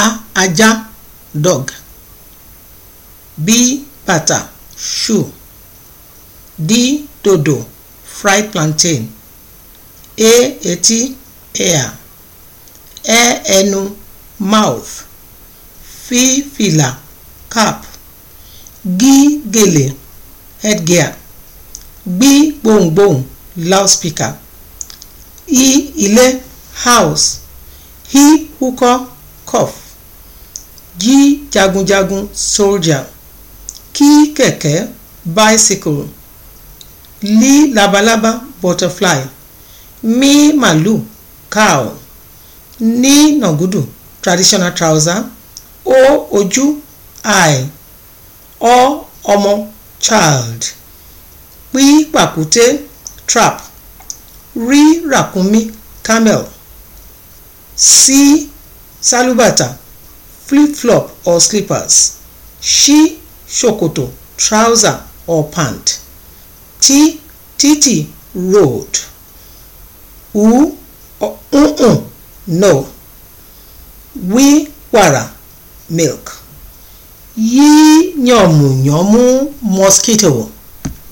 a ajá dog b bàtà shoe d dodo fry plantain A e, etí air. ẹ e, ẹnu mouth fi fìlà cap gí gèlè headgear gbí gbohùngbohùn loudspeaker i e, ilé house hí húkọ́ cough jagunjagun soldier kí kẹ̀kẹ́ bicycle lí labalábá butterfly mí màálù cow ní nàgúdù traditional trouser ó ojú i ọ ọmọ child pí pàkúté trap rí ràkúnmí camel sí si, sálúbàtà flip-flop or slippers ṣí ṣòkòtò trouser or pant tí títì road ú ǹǹ no wí wàrà milk yí yànmùyànmú mosquito.